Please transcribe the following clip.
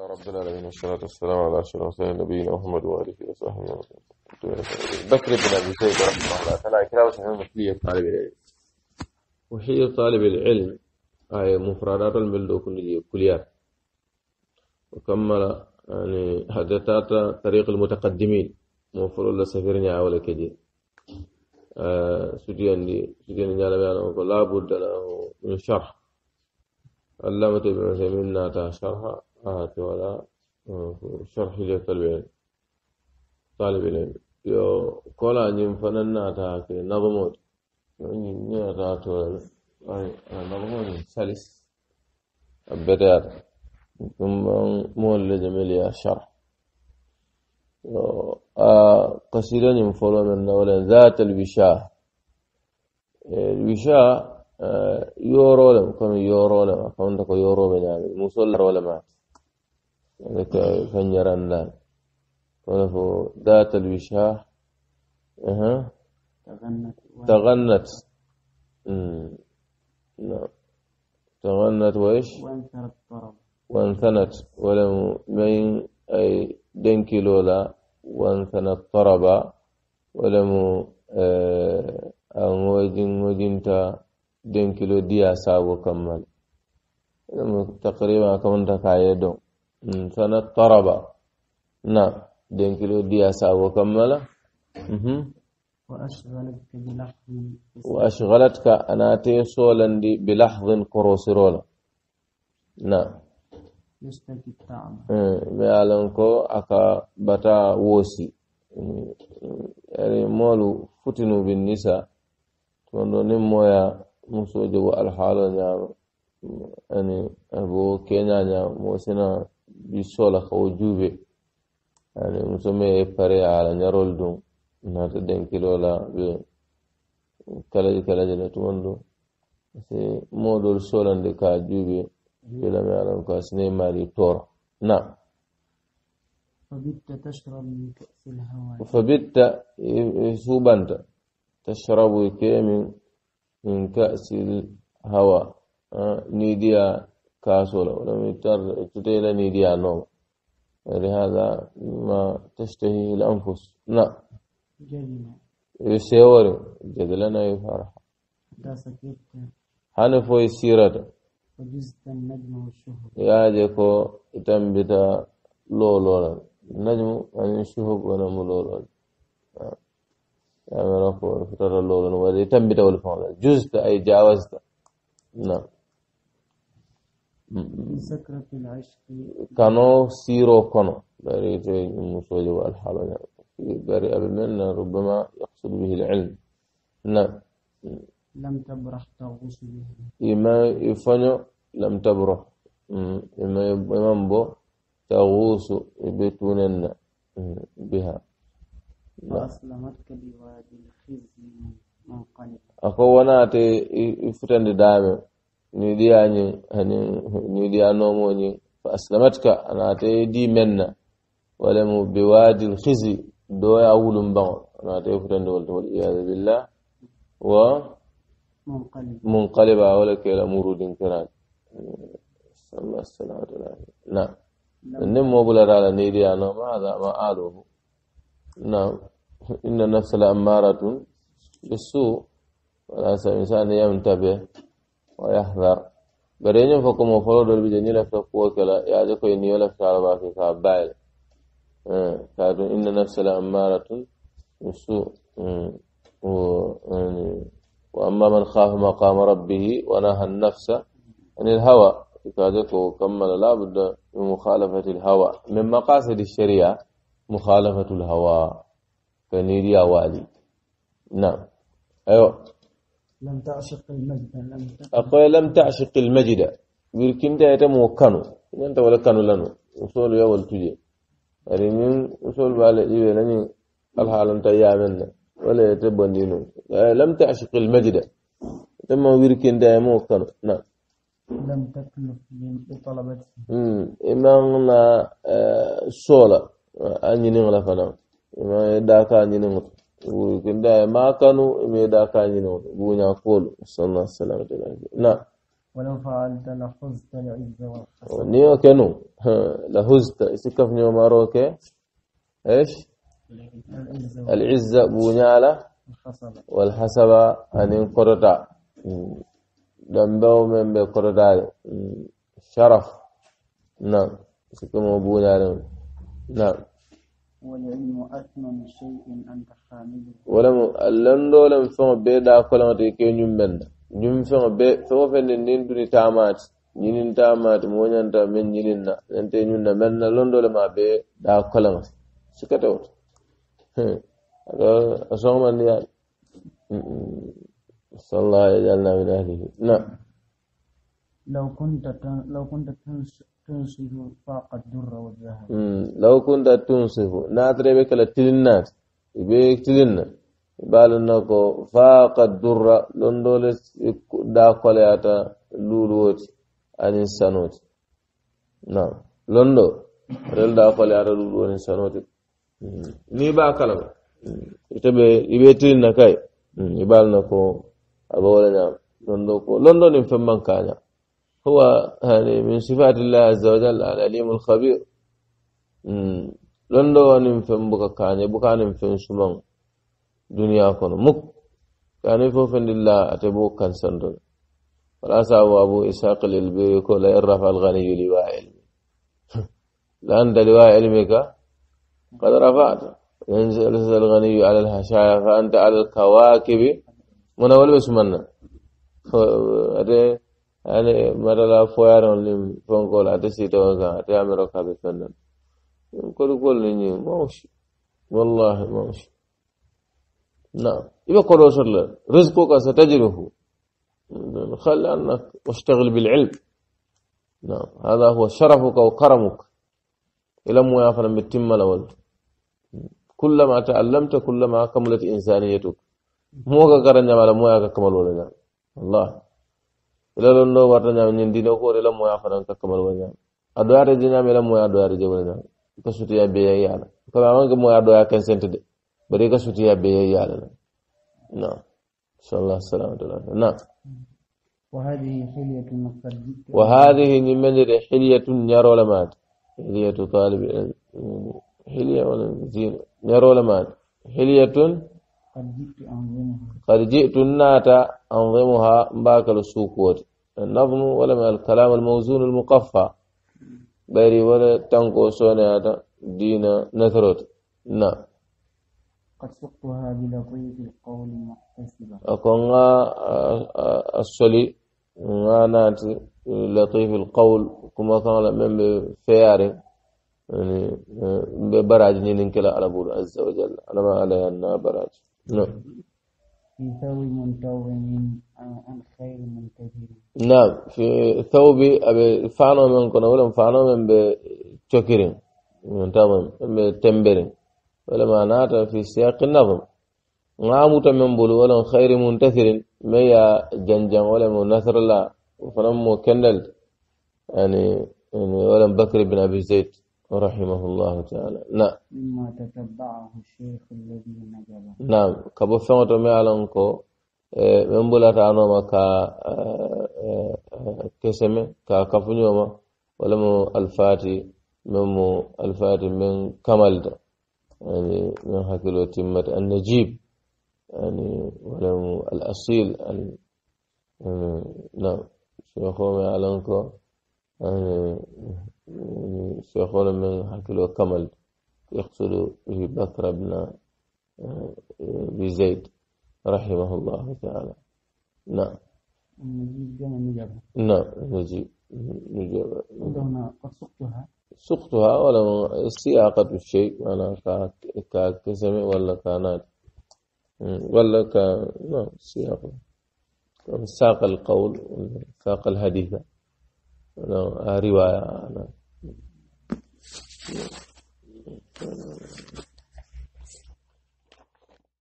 ربنا العالمين والصلاة والسلام على أشرف رسول نبينا محمد وآله وصحبه وسلم بكر بن أبي سيد رحمه الله تعالى كتاب شهادة مكية طالب العلم وحي طالب العلم أي مفردات الملوك كليات وكمل يعني حدثات طريق المتقدمين موفر الله سفيرني عاول كدير آه سجين دي سجين جالبيان لا بد له من شرح علامة ابن عثيمين ناتا شرحا آه ولا آه، شرح إلى تلبين طالب العلم يو كلا نيم فنان هذا كي نظمود يعني نيا هذا تول أي آه، نظمود سلس بدر ثم مول لجميل شرح يو قصيدة نيم فلو من نقول ذات البشاة البشاة يورولم كم يورولم كم تقول يورو بنامي مسلم رولمات فنجران لا ولفو ذات الوشاح أها تغنت تغنت نعم تغنت وإيش وانثنت الطرب وانثنت ولم من أي دنكي لولا وانثنت طربا ولم أنوجن آه، وجنتا دنكي لو ديا سابو كمال تقريبا كمان تكايدو سنة اضطرب نعم دين كيلو دي أساو وكمل وأشغلتك بلحظ وأشغلتك أنا تيسولا بلحظ كروسيرولا نعم يستكي الطعم إيه، بيعلن كو أكا بتا ووسي يعني مولو فتنوا بالنساء تمنو نمويا مسوجو الحالة نعم. يعني أبو كينيا نعم. موسنا bisola kawo juube ani musome e pare ala ñarol ɗum nata denkilola ɓe kalaji kalaji la tuman ɗo se moɗol solande ka juube juulame alam ko asine mari tora na فبت تشرب من كأس الهوى فبت سوبنت تشرب كي من من كأس الهوى نيديا كاسولا ولم يضطر تطيل نيدي النوم لهذا ما تشتهي الأنفس نعم يسيور جدلنا يفرح حنفو يسيرة يا ياجكو تنبتا لولولا نجم يعني أن يشهب ونم لولولا يا من أخو فتر اللولولا ولي تنبتا والفعل جزت أي جاوزت نعم كانوا سيروا كانوا باري المسوج والحالة باري أبي ربما يقصد به العلم نعم لم تبرح تغوص به إما يفنى لم تبرح إما إمام بو تغوص بتوننا بها نعم. فأسلمتك بوادي الخزي منقلب أكو وناتي دائما نيديا هني نيديا نوموني فأسلمتك أنا تيدي منا ولم بوادي الخزي دوي أول بغ أنا تيفتن دولت والعياذ بالله و منقلبة ولا كلا مرود كران صلى الله السلامة والعافية نعم نمو نعم. بلا رالا نيديا نوم هذا ما آلوه نعم إن النفس لأمارة بالسوء ولا سيئ ينتبه ويحذر برين فكم فلو دول بيجي نيلا فكوا كلا يا ذاك ينيلا فكوا في كابال كادو إن نفس الأمارة بالسوء وأما من خاف مقام ربه ونهى النفس عن الهوى كادك كمل لا بد من مخالفة الهوى من مقاصد الشريعة مخالفة الهوى فنيريا والي نعم أيوه لم تعشق المجد لم أقول لم تعشق المجد ويركين ده يتم وكانوا أنت ولا كانوا لنا وصول يا والتجي أريمين وصول بالي إيه لني الحال أنت يا منا ولا يتبون لم تعشق المجد تم ويركن ده مو وكانوا نعم لم تكلف من طلبته إمام لا آه، سولا أني نغلفنا إمام داكا أني نغلفنا وكندا ما كانوا ميدا كانينو بونا قول صلى الله عليه وسلم نعم ولو فعلت لحزت العزة والخسارة نيو كانوا لهزت سكف نيو ماروك ايش العزة بونا على والحسبة أن انقرطا دمبو من بقرطا شرف نعم نيو بونا نعم والعلم أثمن شيء أنت خامله ولم اللندو لم فهم بيدا كلام تيكي نيمبن نيم فهم بي فهم فين نين دوني تامات نين تامات مو نانتا من نين نا نانتا نين نا من لندو لما بي دا كلام سكتو أصغم أن يعني صلى الله يجعلنا من أهله نعم لو كنت لو كنت تنسى تنصف فاق الدر والذهب لو كنت تنصف ناتري بك لتلنات بك تلنا بالنكو فاق الدر لندول داخل ياتا لولوت عن السنوت نعم لندو رل داخل ياتا لولوت عن السنوت ni ba kalama ita be ibe tilin na kai ibal na ko abawa na londo ko هو يعني من صفات الله عز وجل العليم الخبير لن لو أن فن بقى كان يبقى أن فن شمان دنيا كون مك كان يفوفن لله أتبو كان سندر سابو أبو إسحاق للبير كل يرفع الغني لواء علمي لان لواء علمك قد رفعت ينزل الغني على الحشايا فأنت على الكواكب منول بسمنا فأدي yani marala foyaron lim fonkol ate sitowon kan ate amero kaɓe fennon kodukol ni ñin mawsi wallahi mawsi نعم يبقى قول وشر له رزقك ستجده خل أنك واشتغل بالعلم نعم هذا هو شرفك وكرمك إلى موافنا بالتم لولد كلما تعلمت كلما كملت إنسانيتك موكا كرنجم على موكا كمل ولنا الله ila londo warta nyam nyin dino ko rela moya fanan ka kamal wanya adoyare je nyam ila moya adoyare je wala nyam ka suti ya be ya la ka ma man ka moya adoya kan sente de bare ka suti ya be ya la na sallallahu alaihi wasallam na وهذه حلية مقدمة وهذه من حلية نيرو لمات حلية طالب حلية ولا زين نيرو لمات حلية قد جئت النات أنظمها مباك السوكوت النظم ولم الكلام الموزون المقفى بيري ولا تنقو سونياتا دين نثرت نعم قد سقتها بلطيف القول محتسبا أكون آه، السلي ناتي لطيف القول كما كان من فياري يعني آه، ببراج نينكلا على بول عز وجل أنا ما عليها براج نعم في ثوب منتوب عن خير منتظر نعم في ثوب أبي فانو من كنا ولا فانو من بتشكرين من تمام من تمبرين ولا معناته في سياق النظم نعم تمن بول ولا خير منتثر ما يا جنجان ولا من منثر الله فنم كنل يعني يعني ولا بكر بن أبي زيد رحمه الله تعالى لا نعم. مما تتبعه الشيخ الذي نجبه نعم كبو فنتو ميالانكو إيه، من بولاتا كا إيه، إيه، كسم كا كفنيوما ولمو الفاتي ممو الفاتي من كمالد يعني من حكيلو تمت النجيب يعني ولمو الأصيل ال... يعني، يعني، نعم شيخو ميالانكو يعني, يعني، الشيخون من حكي له كمل يقصد بكر بن آه، بزيد رحمه الله تعالى نعم نعم نجيب نجيب قد سقطها سقطها ولا سياقة الشيء أنا كاكزم ولا كانت ولا ك نعم السياقة ساق القول ساق الحديث نعم، رواية أنا نعم. сделать.